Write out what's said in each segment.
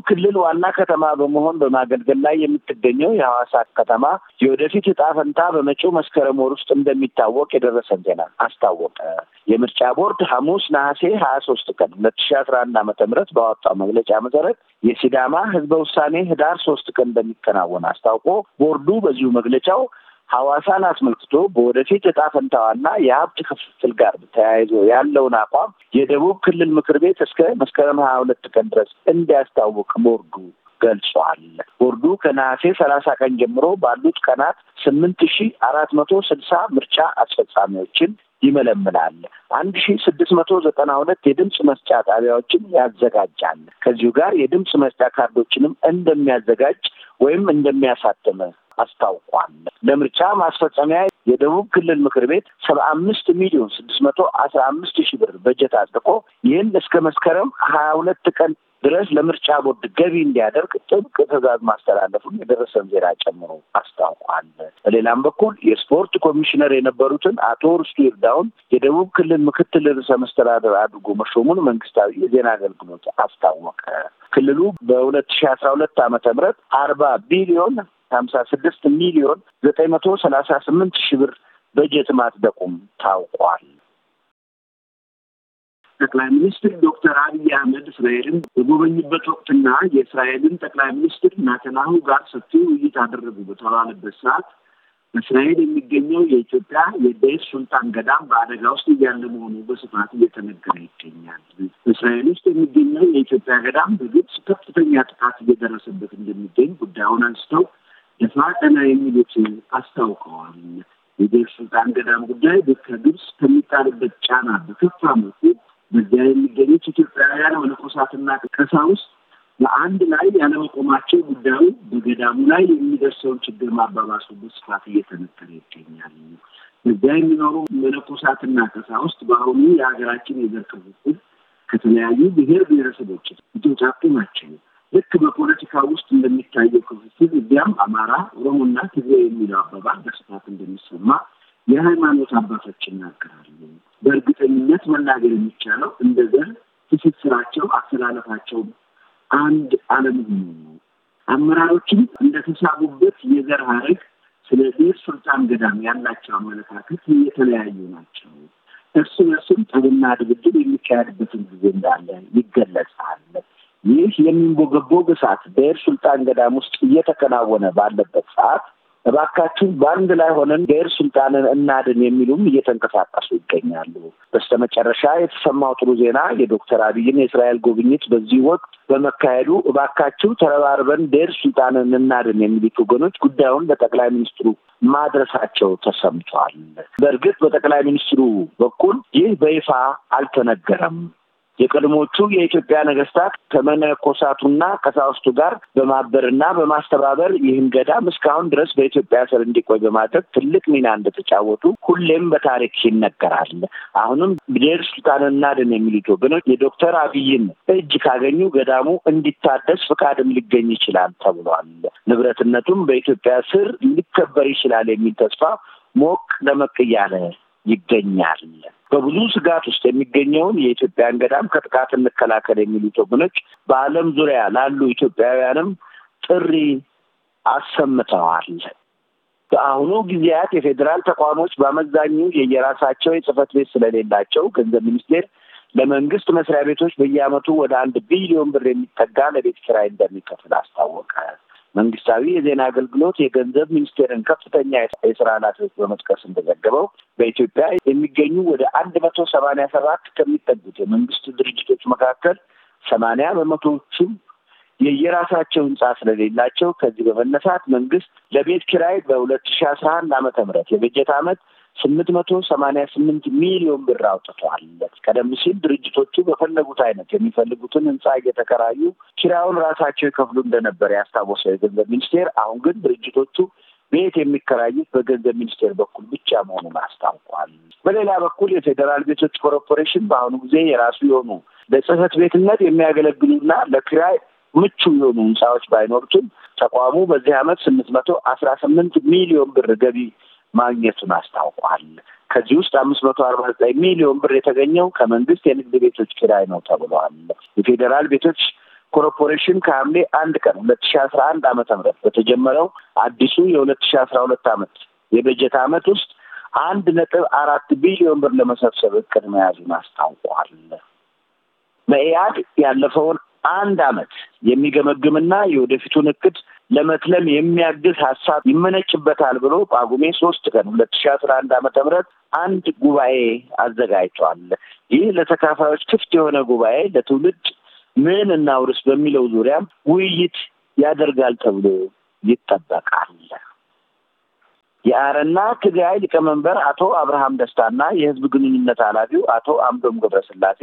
የደቡብ ክልል ዋና ከተማ በመሆን በማገልገል ላይ የምትገኘው የሐዋሳ ከተማ የወደፊት እጣ ፈንታ በመጪው መስከረም ወር ውስጥ እንደሚታወቅ የደረሰን ዜና አስታወቀ። የምርጫ ቦርድ ሐሙስ ነሐሴ ሀያ ሶስት ቀን ሁለት ሺ አስራ አንድ ዓመተ ምህረት ባወጣው መግለጫ መሰረት የሲዳማ ህዝበ ውሳኔ ህዳር ሶስት ቀን እንደሚከናወን አስታውቆ ቦርዱ በዚሁ መግለጫው ሐዋሳን አስመልክቶ በወደፊት እጣ ፈንታዋና የሀብት ክፍፍል ጋር ተያይዞ ያለውን አቋም የደቡብ ክልል ምክር ቤት እስከ መስከረም ሀያ ሁለት ቀን ድረስ እንዲያስታውቅ ቦርዱ ገልጿል። ቦርዱ ከነሐሴ ሰላሳ ቀን ጀምሮ ባሉት ቀናት ስምንት ሺ አራት መቶ ስልሳ ምርጫ አስፈጻሚዎችን ይመለምላል። አንድ ሺ ስድስት መቶ ዘጠና ሁለት የድምፅ መስጫ ጣቢያዎችን ያዘጋጃል። ከዚሁ ጋር የድምፅ መስጫ ካርዶችንም እንደሚያዘጋጅ ወይም እንደሚያሳትም አስታውቋል። ለምርጫ ማስፈጸሚያ የደቡብ ክልል ምክር ቤት ሰባ አምስት ሚሊዮን ስድስት መቶ አስራ አምስት ሺህ ብር በጀት አጽድቆ ይህን እስከ መስከረም ሀያ ሁለት ቀን ድረስ ለምርጫ ቦርድ ገቢ እንዲያደርግ ጥብቅ ትዕዛዝ ማስተላለፉን የደረሰን ዜና ጨምሮ አስታውቋል። በሌላም በኩል የስፖርት ኮሚሽነር የነበሩትን አቶ ርስቱ ይርዳውን የደቡብ ክልል ምክትል ርዕሰ መስተዳደር አድርጎ መሾሙን መንግስታዊ የዜና አገልግሎት አስታወቀ። ክልሉ በሁለት ሺ አስራ ሁለት ዓመተ ምህረት አርባ ቢሊዮን ሀምሳ ስድስት ሚሊዮን ዘጠኝ መቶ ሰላሳ ስምንት ሺህ ብር በጀት ማጽደቁም ታውቋል። ጠቅላይ ሚኒስትር ዶክተር አብይ አህመድ እስራኤልን በጎበኙበት ወቅትና የእስራኤልን ጠቅላይ ሚኒስትር ናተናሁ ጋር ሰፊ ውይይት አደረጉ በተባለበት ሰዓት እስራኤል የሚገኘው የኢትዮጵያ የደይት ሱልጣን ገዳም በአደጋ ውስጥ እያለ መሆኑ በስፋት እየተነገረ ይገኛል። በእስራኤል ውስጥ የሚገኘው የኢትዮጵያ ገዳም በግብጽ ከፍተኛ ጥቃት እየደረሰበት እንደሚገኝ ጉዳዩን አንስተው ደፋቀና የሚሉት አስታውቀዋል። የግብጽ ስልጣን ገዳም ጉዳይ ከግብጽ ከሚጣልበት ጫና በከፋ መልኩ በዚያ የሚገኙት ኢትዮጵያውያን መነኮሳትና ቀሳውስት በአንድ ላይ ያለመቆማቸው ጉዳዩ በገዳሙ ላይ የሚደርሰውን ችግር ማባባሱ በስፋት እየተነገረ ይገኛል። በዚያ የሚኖሩ መነኮሳትና ቀሳውስት በአሁኑ የሀገራችን የዘር ክፍፍል ከተለያዩ ብሔር ብሔረሰቦች የተውጣጡ ናቸው። ልክ በፖለቲካ ውስጥ እንደሚታየው ክፍፍል እዚያም አማራ፣ ኦሮሞና ትግሬ የሚለው አባባል በስፋት እንደሚሰማ የሃይማኖት አባቶች ይናገራሉ። በእርግጠኝነት መናገር የሚቻለው እንደ ዘር ትስስራቸው፣ አስተላለፋቸው አንድ አለመሆኑ ነው። አመራሮችም እንደተሳቡበት የዘር ሀረግ ስለ ብሔር ስልጣን ገዳም ያላቸው አመለካከት የተለያዩ ናቸው። እርስ በርስም ጠብና ድብድብ የሚካሄድበትን ጊዜ እንዳለ ይገለጻል። ይህ የሚንቦገቦግ እሳት በኤር ሱልጣን ገዳም ውስጥ እየተከናወነ ባለበት ሰዓት እባካችን በአንድ ላይ ሆነን ደር ሱልጣንን እናድን የሚሉም እየተንቀሳቀሱ ይገኛሉ። በስተመጨረሻ የተሰማው ጥሩ ዜና የዶክተር አብይን የእስራኤል ጉብኝት በዚህ ወቅት በመካሄዱ እባካችሁ ተረባርበን ደር ሱልጣንን እናድን የሚሉት ወገኖች ጉዳዩን ለጠቅላይ ሚኒስትሩ ማድረሳቸው ተሰምቷል። በእርግጥ በጠቅላይ ሚኒስትሩ በኩል ይህ በይፋ አልተነገረም። የቀድሞቹ የኢትዮጵያ ነገስታት ከመነኮሳቱና ከሳውስቱ ጋር በማበርና በማስተባበር ይህን ገዳም እስካሁን ድረስ በኢትዮጵያ ስር እንዲቆይ በማድረግ ትልቅ ሚና እንደተጫወቱ ሁሌም በታሪክ ይነገራል። አሁንም ብሔር ስልጣንና ደን የሚሉት ወገኖች የዶክተር አብይን እጅ ካገኙ ገዳሙ እንዲታደስ ፍቃድም ሊገኝ ይችላል ተብሏል። ንብረትነቱም በኢትዮጵያ ስር ሊከበር ይችላል የሚል ተስፋ ሞቅ ደመቅ እያለ ይገኛል። በብዙ ስጋት ውስጥ የሚገኘውን የኢትዮጵያን ገዳም ከጥቃት እንከላከል የሚሉ ወገኖች በዓለም ዙሪያ ላሉ ኢትዮጵያውያንም ጥሪ አሰምተዋል። በአሁኑ ጊዜያት የፌዴራል ተቋሞች በአመዛኙ የየራሳቸው የጽህፈት ቤት ስለሌላቸው ገንዘብ ሚኒስቴር ለመንግስት መስሪያ ቤቶች በየአመቱ ወደ አንድ ቢሊዮን ብር የሚጠጋ ለቤት ኪራይ እንደሚከፍል አስታወቀ። መንግስታዊ የዜና አገልግሎት የገንዘብ ሚኒስቴርን ከፍተኛ የስራ ኃላፊዎች በመጥቀስ እንደዘገበው በኢትዮጵያ የሚገኙ ወደ አንድ መቶ ሰማኒያ ሰባት ከሚጠጉት የመንግስት ድርጅቶች መካከል ሰማኒያ በመቶዎቹም የየራሳቸው ህንጻ ስለሌላቸው ከዚህ በመነሳት መንግስት ለቤት ኪራይ በሁለት ሺ አስራ አንድ አመተ ምህረት የበጀት አመት ስምንት መቶ ሰማኒያ ስምንት ሚሊዮን ብር አውጥቷል። ቀደም ሲል ድርጅቶቹ በፈለጉት አይነት የሚፈልጉትን ህንፃ እየተከራዩ ኪራዩን ራሳቸው ይከፍሉ እንደነበር ያስታወሰው የገንዘብ ሚኒስቴር፣ አሁን ግን ድርጅቶቹ ቤት የሚከራዩት በገንዘብ ሚኒስቴር በኩል ብቻ መሆኑን አስታውቋል። በሌላ በኩል የፌዴራል ቤቶች ኮርፖሬሽን በአሁኑ ጊዜ የራሱ የሆኑ ለጽህፈት ቤትነት የሚያገለግሉና ለኪራይ ምቹ የሆኑ ህንፃዎች ባይኖሩትም ተቋሙ በዚህ ዓመት ስምንት መቶ አስራ ስምንት ሚሊዮን ብር ገቢ ማግኘቱን አስታውቋል። ከዚህ ውስጥ አምስት መቶ አርባ ዘጠኝ ሚሊዮን ብር የተገኘው ከመንግስት የንግድ ቤቶች ኪራይ ነው ተብሏል። የፌዴራል ቤቶች ኮርፖሬሽን ከሐምሌ አንድ ቀን ሁለት ሺ አስራ አንድ ዓመተ ምህረት በተጀመረው አዲሱ የሁለት ሺ አስራ ሁለት ዓመት የበጀት ዓመት ውስጥ አንድ ነጥብ አራት ቢሊዮን ብር ለመሰብሰብ እቅድ መያዙን አስታውቋል። መኢአድ ያለፈውን አንድ አመት የሚገመግምና የወደፊቱን እቅድ ለመትለም የሚያግዝ ሀሳብ ይመነጭበታል ብሎ ጳጉሜ ሶስት ቀን ሁለት ሺ አስራ አንድ አመተ ምህረት አንድ ጉባኤ አዘጋጅቷል። ይህ ለተካፋዮች ክፍት የሆነ ጉባኤ ለትውልድ ምን እናውርስ በሚለው ዙሪያም ውይይት ያደርጋል ተብሎ ይጠበቃል። የአረና ትግራይ ሊቀመንበር አቶ አብርሃም ደስታና የህዝብ ግንኙነት ኃላፊው አቶ አምዶም ገብረስላሴ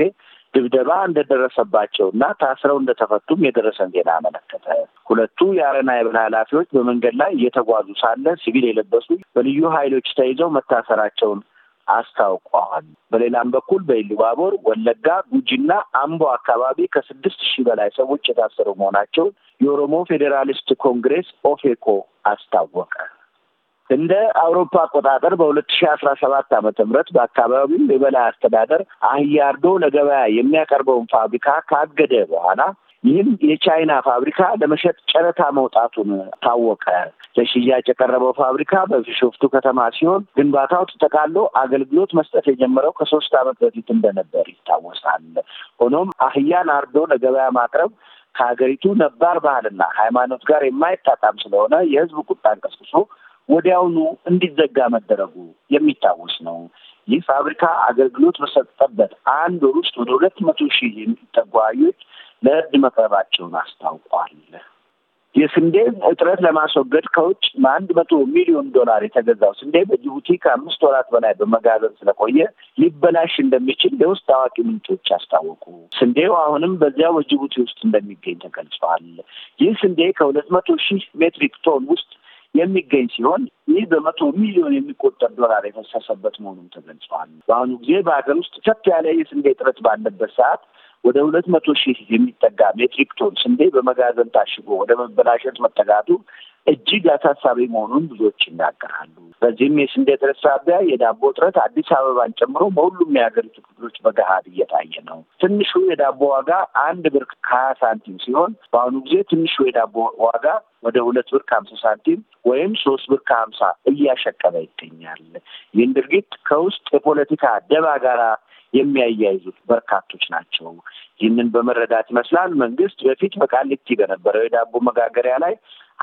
ድብደባ እንደደረሰባቸው እና ታስረው እንደተፈቱም የደረሰን ዜና አመለከተ። ሁለቱ የአረና የበላይ ኃላፊዎች በመንገድ ላይ እየተጓዙ ሳለ ሲቪል የለበሱ በልዩ ኃይሎች ተይዘው መታሰራቸውን አስታውቀዋል። በሌላም በኩል በኢሉባቦር፣ ወለጋ፣ ጉጂና አምቦ አካባቢ ከስድስት ሺህ በላይ ሰዎች የታሰሩ መሆናቸውን የኦሮሞ ፌዴራሊስት ኮንግሬስ ኦፌኮ አስታወቀ። እንደ አውሮፓ አቆጣጠር በሁለት ሺ አስራ ሰባት ዓመተ ምህረት በአካባቢው የበላይ አስተዳደር አህያ አርዶ ለገበያ የሚያቀርበውን ፋብሪካ ካገደ በኋላ ይህም የቻይና ፋብሪካ ለመሸጥ ጨረታ መውጣቱን ታወቀ። ለሽያጭ የቀረበው ፋብሪካ በቢሾፍቱ ከተማ ሲሆን ግንባታው ተጠቃሎ አገልግሎት መስጠት የጀመረው ከሶስት ዓመት በፊት እንደነበር ይታወሳል። ሆኖም አህያን አርዶ ለገበያ ማቅረብ ከሀገሪቱ ነባር ባህልና ሃይማኖት ጋር የማይጣጣም ስለሆነ የህዝብ ቁጣ እንቀስቅሶ ወዲያውኑ እንዲዘጋ መደረጉ የሚታወስ ነው። ይህ ፋብሪካ አገልግሎት በሰጠበት አንድ ወር ውስጥ ወደ ሁለት መቶ ሺህ የሚጠጉ አህዮች ለእርድ መቅረባቸውን አስታውቋል። የስንዴ እጥረት ለማስወገድ ከውጭ በአንድ መቶ ሚሊዮን ዶላር የተገዛው ስንዴ በጅቡቲ ከአምስት ወራት በላይ በመጋዘን ስለቆየ ሊበላሽ እንደሚችል የውስጥ ታዋቂ ምንጮች አስታወቁ። ስንዴው አሁንም በዚያው በጅቡቲ ውስጥ እንደሚገኝ ተገልጿል። ይህ ስንዴ ከሁለት መቶ ሺህ ሜትሪክ ቶን ውስጥ የሚገኝ ሲሆን ይህ በመቶ ሚሊዮን የሚቆጠር ዶላር የፈሰሰበት መሆኑም ተገልጿል። በአሁኑ ጊዜ በሀገር ውስጥ ከፍ ያለ የስንዴ እጥረት ባለበት ሰዓት ወደ ሁለት መቶ ሺህ የሚጠጋ ሜትሪክ ቶን ስንዴ በመጋዘን ታሽጎ ወደ መበላሸት መጠጋቱ እጅግ አሳሳቢ መሆኑን ብዙዎች ይናገራሉ። በዚህም የስንዴ እጥረት ሳቢያ የዳቦ እጥረት አዲስ አበባን ጨምሮ በሁሉም የሀገሪቱ ክፍሎች በገሃድ እየታየ ነው። ትንሹ የዳቦ ዋጋ አንድ ብር ከሀያ ሳንቲም ሲሆን በአሁኑ ጊዜ ትንሹ የዳቦ ዋጋ ወደ ሁለት ብር ከሀምሳ ሳንቲም ወይም ሶስት ብር ከሀምሳ እያሸቀበ ይገኛል። ይህን ድርጊት ከውስጥ የፖለቲካ ደባ ጋራ የሚያያይዙት በርካቶች ናቸው። ይህንን በመረዳት ይመስላል መንግስት በፊት በቃሊቲ በነበረው የዳቦ መጋገሪያ ላይ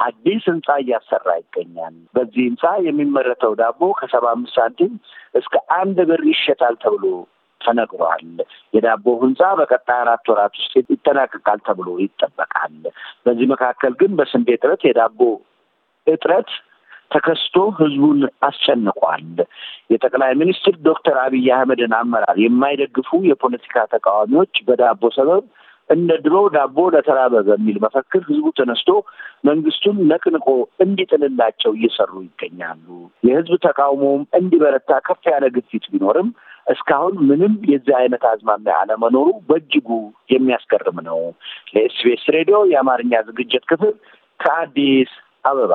አዲስ ህንፃ እያሰራ ይገኛል። በዚህ ህንፃ የሚመረተው ዳቦ ከሰባ አምስት ሳንቲም እስከ አንድ ብር ይሸጣል ተብሎ ተነግሯል። የዳቦ ህንፃ በቀጣይ አራት ወራት ውስጥ ይጠናቀቃል ተብሎ ይጠበቃል። በዚህ መካከል ግን በስንዴ እጥረት የዳቦ እጥረት ተከስቶ ህዝቡን አስጨንቋል። የጠቅላይ ሚኒስትር ዶክተር አብይ አህመድን አመራር የማይደግፉ የፖለቲካ ተቃዋሚዎች በዳቦ ሰበብ እንደ ድሮ ዳቦ ለተራበ በሚል መፈክር ህዝቡ ተነስቶ መንግስቱን ነቅንቆ እንዲጥልላቸው እየሰሩ ይገኛሉ። የህዝብ ተቃውሞውም እንዲበረታ ከፍ ያለ ግፊት ቢኖርም እስካሁን ምንም የዚህ አይነት አዝማሚያ አለመኖሩ በእጅጉ የሚያስገርም ነው። ለኤስቢኤስ ሬዲዮ የአማርኛ ዝግጅት ክፍል ከአዲስ አበባ